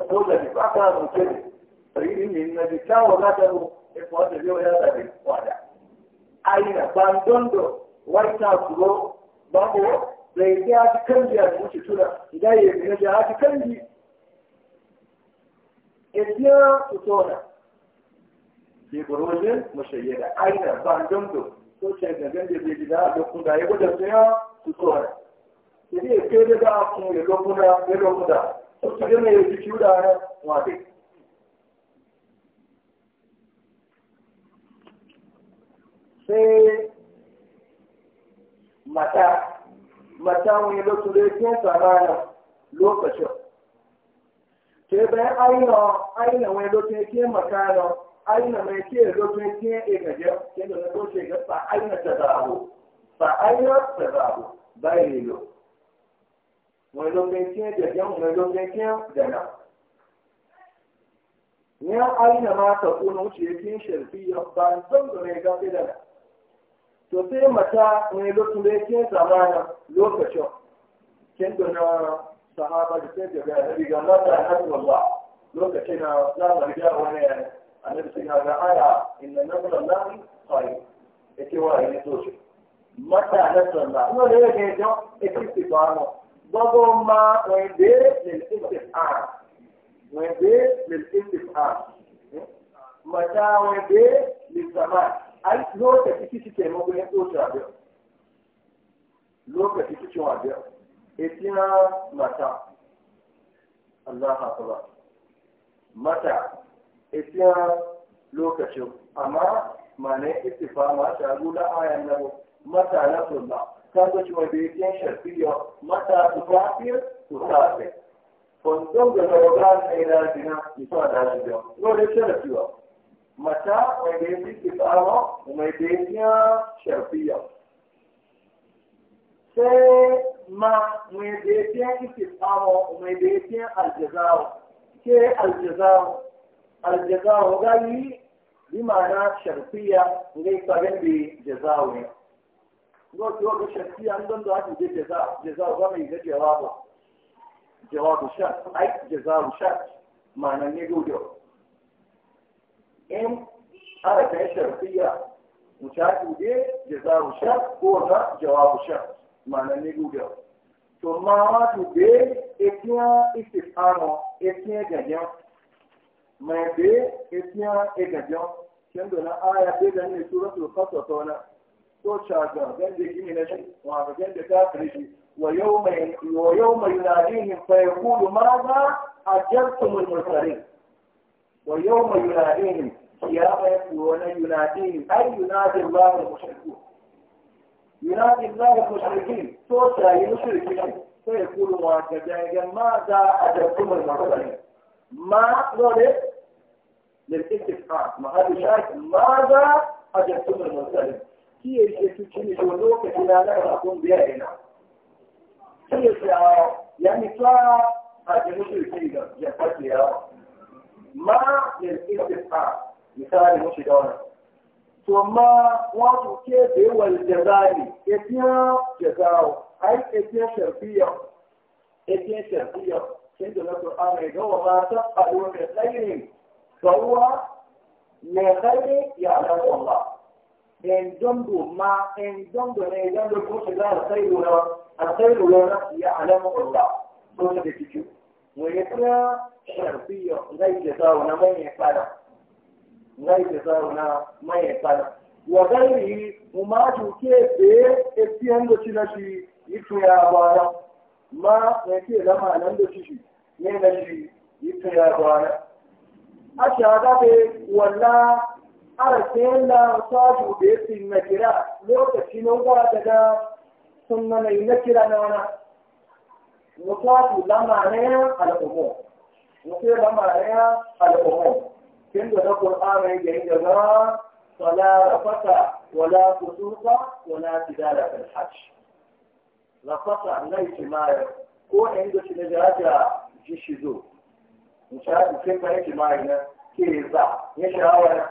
أقول لك بعد هذا مبتدئ ya ji kanji a wuce tura da ya yi da haka kanji ibiya tutona ke burojin mashayyada aina ba gamdo ko ce gangan da zai gida da kuma ya gwada tsaya ìdí èké lé bá fún lélógúnlá lélógúnlá ó ti dé mẹ́rin ti rẹ̀ wọ́n àdé. ṣé mata mata wani lótúlé tí ń sàrà rẹ̀ lókàṣọ. ṣé bẹ́ẹ̀ àyìnà àyìnà wani lótúlé tí ń màkà rẹ̀ àyìnà wani tí ń lótúlé tí ń ègàjẹ́ kí ń tó ṣe gẹ́gẹ́ pa àyìnà àbò àbò mai longancin da yan mai longancin da na ya aina ma ta kuna wuce yakin sharfiya ban zan da mai gafi da na to sai mata mai lokacin zamanin lokacin kin da na sahaba da sai daga da riga na ta hadu ba lokacin na na riga wani ya annabi sai ga e aya inna nazara lahi khair yake wa ne to shi mata na sallah kuma da yake da ikistifano وهو ما ويدير للاستفهام ويدير للاستفهام متى ويدير للزمان أي لوكا تكيشي كيما بين أوشا بيو لوكا تكيشي وابيو إتنا متى الله أكبر متى إتنا لوكا شو أما معنى استفهام شاغولا آية النبو متى نصر الله Tako ćemo mata u kafir, u kafir. Kon toga da obrazne i razina i Se ma u medijsnja kipano, u medijsnja al-đezao. Ke al-đezao? Al-đezao ga i bimana šerpija, gdje pa vendi đezao je. قلت وقت شكية أنتم هذه جزاء جزاء ضمي جواب جواب الشك أي جزاء الشك معنى يجوده إن حركة شرطية مشاهدة جزاء الشك هو جواب الشك معنى يجوده ثم ما تبي إثنيا استفهام إثنيا جنيا ما تبي إثنيا إجنيا كم دون آية بيجاني سورة القصص ويوم ويوم يناديهم فيقول ماذا أجبتم المرسلين ويوم يناديهم قيامة يقولون يناديهم أي ينادي الله المشركون ينادي الله المشركين توشا المشركين فيقول ماذا أجبتم المرسلين ما ولد للاتفاق ما هذا شايف ماذا أجبتم المرسلين kiyaye su shine lokacin da za a abun da ya ina shine ya fa a ji musu shi da ya fadi ya ma ya istifa misali mushi da wannan to ma wato ke da wal jazali etiya jazao ai etiya sharfiya etiya sharfiya sai da Qur'ani ya ga wa ma tafalu min khairin fa huwa min khairin ya'lamu en dongo ma en dongo ne dongo ko se da sai ya alamu Allah ko da kici mu ya kira mai ya fara zai ke sa wana mai ya fara wa mu ma e ci shi ya ma ne ke ma nan do shi ne da shi ya a be harshe na ta bude su na kira lokaci na uwa daga sun mana yi na kira na wana. Mutu haku lamare ya al'ubu. Kin da na Kur'ana ya yi gaba wala rafata wala kusurfa wala tidara alhaji. Rafata na yi kimaya ko na yi gaci na jiraja ji shizo. Mutu haku sai kare kimaya na ke za ya shawara.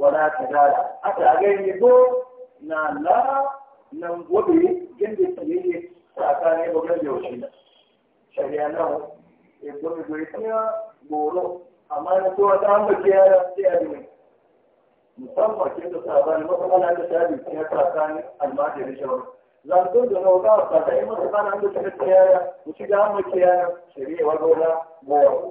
ولا كذلك حتى أغير يقول نا لا ننقضي جنب السبيل ساكاني بغير يوشينا شريانا يقول بغيرتنا بولو أما نتوى دام بكيارة سيادمين musamman ke da sabani matsala da shaɗi sun ya tsakanin almajiri shawar zangon da na wuta a tsakanin matsala da shaɗi ya wuce da amma kiyaya shari'a wa gora gora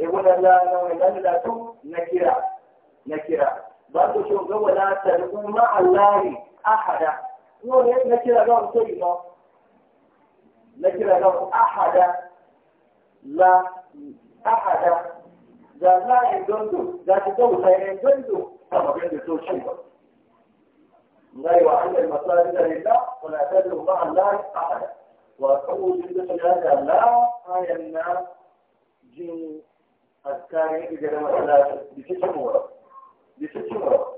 يقول لا لا لا نكرة نكرة برضو شو قوة لا تلقوا مع الله أحدا نور نكرة قوم طيبة نكرة قوم أحدا لا أحدا ذا لا يندندو ذا تدو سيندندو كما بين التوشيبة لا يوحد المصالح لله ولا تدعو مع الله أحدا وأقول جدا هذا لا يمنع جن أذكار يجد مثلا بتشمورة بتشمورة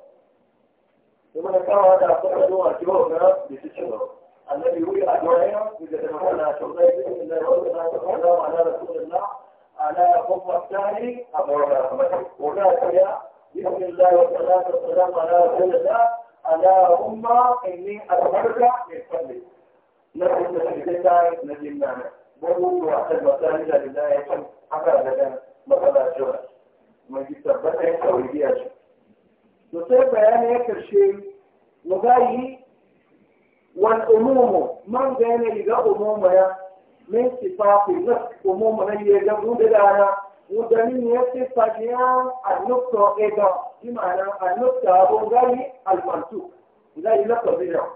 ثم نكاو هذا أفضل دوا جوهنا نعم، بتشمورة الذي يروي أدوائنا يجد مثلا شرطي بإذن الله رسول الله على رسول الله على قبة الثاني أبونا وقال يا بسم الله والصلاة والسلام على رسول الله على أمة إني أتمرك من فضلك نحن نجد ذلك نجد معنا بقول وأحد مسائل لله يحب حقا لنا magana jira mai tabbata ya kawai biya shi to sai bayani ya karshe mugayi wal umumu man ga yana riga umuma ya min sifafi na umuma na yi ga bude dana wudanin ya ce fajiya annukta ega imana annukta abu gari almantu gari na kabila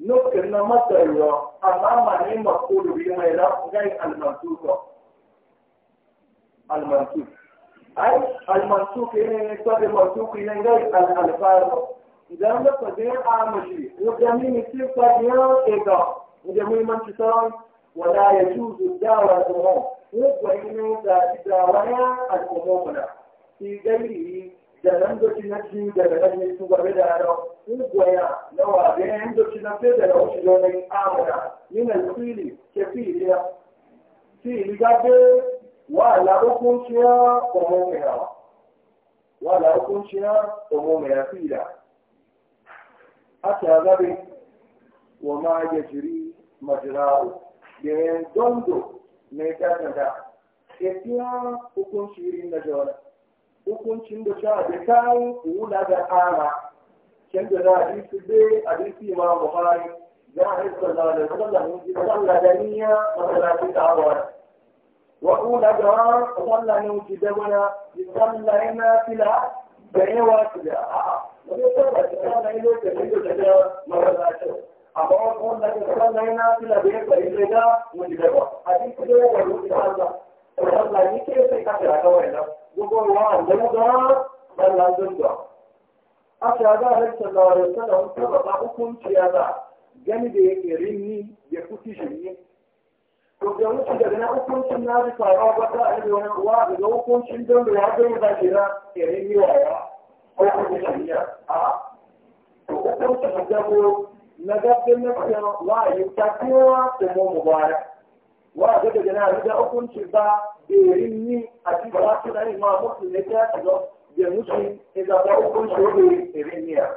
nukta na matsayuwa amma ma ne makulu bi mai ra gari almantu ko المنسوخ أي المنسوخ إلى نسبة المنسوخ إلى غير الفارق إذا لم تقدر عامشي وجميع نسيب تقدر إذا وجميع من تسان ولا يجوز الدعوة الأمور وإن دعوة الأمور في غيره da nan doki na ci daga nan ne tuba da yaro ugoya na wabe yan doki na fe daga wasu jonin amura yin alfili ke fili ya fili gabe wala hukunciya umumiha wala hukunciya umumiha fila hata zabe wa ma yajri majra'u yayin dondo ne ta kada ekiya hukunci irin da jawara hukuncin da ta da kayi kula da ana can da zaɓi su dai a jinsi ma buhari za a yi sallallahu alaihi وأولى جرار صلى نوتي دونا صلى لنا فلا بيوا كذا ويتبع صلى إليك بيو كذا مرضاته أما صلى صلى لنا فلا بيوا كذا مجدوا هذه كذا وروح هذا صلى نيكي سيكاتي ركوانا يقول الله لمدى صلى لنا أشهد أن لا إله إلا الله وأشهد أن محمدا رسول الله gani da yake rinni ya kuti shi da mutu daga na hukuncin na bi fara wata a yi wani uwa daga hukuncin don da ya zai ba shi na irin yi wa yawa ko kuma shari'a a to hukuncin da zabo na gabbin na kusa wa yi ta kowa da mu mubarak wa ga daga na rida hukuncin ba irin yi a cikin ba su da yi ma mutu ne ta shiga da mutu ya zaba hukuncin wani irin yi a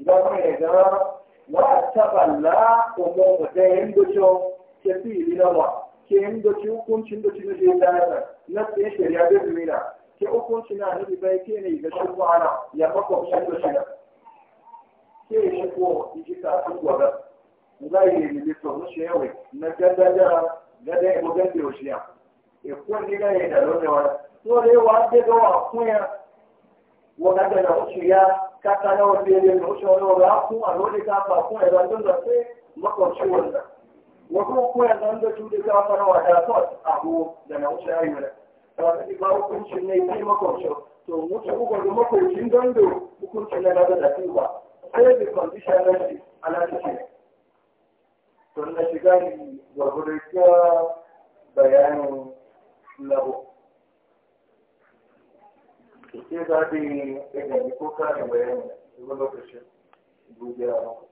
idan kuma ya zama wa ta balla ko mu mutu ya yi tafi na ba ke yin da ci hukuncin da ci na je da na tsaye shari'a da zumina ke hukunci na nabi bai ke ne ga shi ko ana ya maka shi da shi ke shi ko yi ta su gwada zai yi ne to mu shi yawai na gada da gada ya bugan da shi ya e kun ni ga ya da lone wa to dai wa da ga wa kuya wa gada da shi ya kata na wa da ya da shi wa da ku a lone ka ba ku da don da sai maka shi wannan wasu ya yanzu da su da zafa na wata sos abu da na wuce ayyuna da wata ba hukuncin ne kai makwabcin to wuce uku da makwabcin dondo hukuncin na gaba da tuba sai da condition na shi ana cikin to na shiga ni gwargwado ta bayanin labo ke za da yi ɗaya ko kare bayanin wani lokacin gudu mako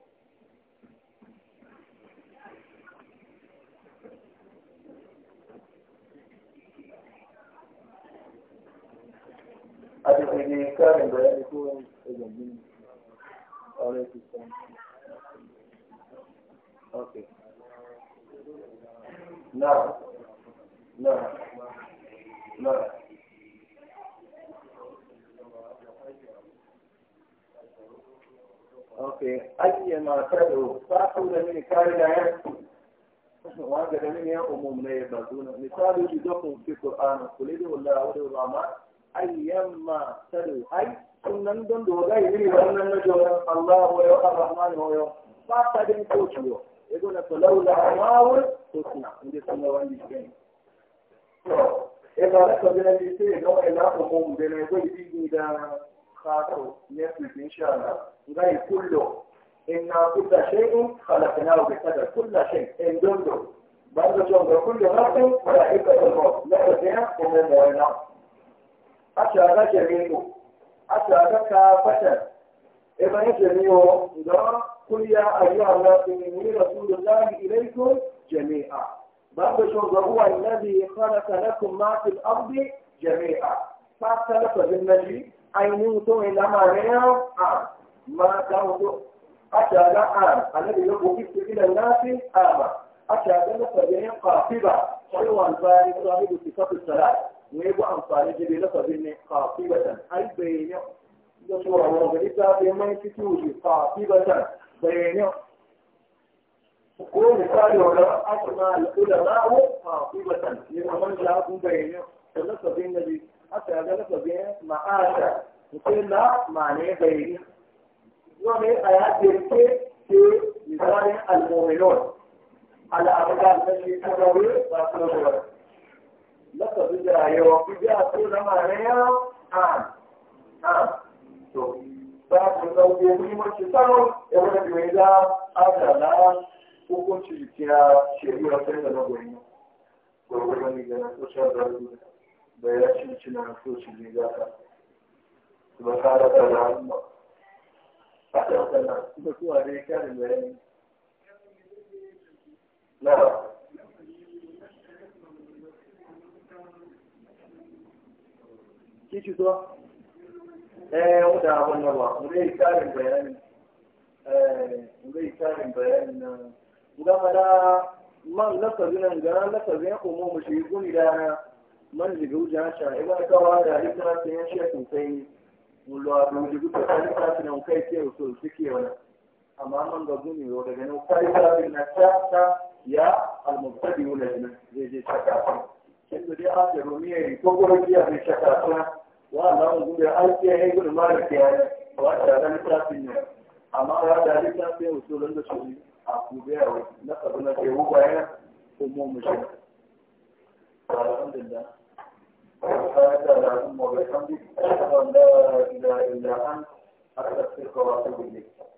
أدري لي كارم بيان يكون عليكم السلام أوكي نعم نعم نعم اوكي ايما تدعو فاحول من كارلا وهذا من يا امم لا يبادون مثال يدقوا في القران قل ولا اولي الامر ayyamma sadu ai sunan don doga iri wannan na jawan Allah wa yau Ar-Rahman wa yau ba ta din ko ciwo yago na laula mawul to kuna inda sun ga wani shi to e ba da ko da shi sai ga wani na ko mun da ne ko idi da khato ne su insha Allah ngai kullo inna kulla shay'in khalaqnahu bi qadar kulla shay in dondo ba da jawan kullu rabbin wa la ilaha illa huwa la ilaha illa huwa أشعر جميعه أشعر كافة إذا جميعه إذا قل يا أيها الذين رسول الله إليكم جميعا بعد شر هو الذي خلق لكم ما في الأرض جميعا فاختلف بالنجي أن يوتوا إلى ما غير آم ما كانوا أشعر عام الذي يقف إلى الناس آم أشعر لك بهم قاطبة حلوى الباري صاحب صفة الصلاة ne ku amfani da bai lafazin ne kafibatan ai bayanin da tsoron wani ta bai mai fiti wuce kafibatan bayanin ko misali wani asma al'ulama'u kafibatan ne kamar da aku bayanin da lafazin da bai aka yaga lafazin ma'asha mutum na ma'ane bayanin yau ne a yaƙe ke ke misalin al-mu'minun al-abdal da shi ta rawe ba su rawe lọ́sọ̀ tó jẹ́ àyẹ̀wò fídíò àti ìlànà rẹ̀ yá àn tó bá a tún lọ́wọ́ owó ní wọ́n ti sáwọn ẹ̀wọ́n ẹ̀bí àgbàlá kókó tì kí a ṣe ìlú ọ̀sẹ̀ ìdánwò yìí gbogbo ni gẹ̀rẹ́ tó ṣe ọ̀dọ́ ìlú bẹ̀rẹ̀ ṣì ń náà tó lè mọ̀ ọ̀sẹ̀ náà Kici so? Eh, da wannan ba, mu zai karin bayani. Eh, mu zai karin bayani na. ma da man lafazin nan ga ya komo mu shi gumi da man daga wujen sha, ina wa da hikima sun yan shi sosai. Mun lura da wujen gudu ta hikima kai ke so suke wani. Amma man ga gumi yau daga nan yi kafin na ta ya almubtadi wula zai je ta Kin da dai aka rumiya ko gurbiya ta shaka wannan gudun an ce ya yi gudun mara ke yare ba ta da littafin ne amma ya da littafin usulun da shi a kube a wasu na sabu na ke wuba ya kuma mushi alhamdulillah وبحمدك أشهد أن لا إله إلا أنت أستغفرك وأتوب إليك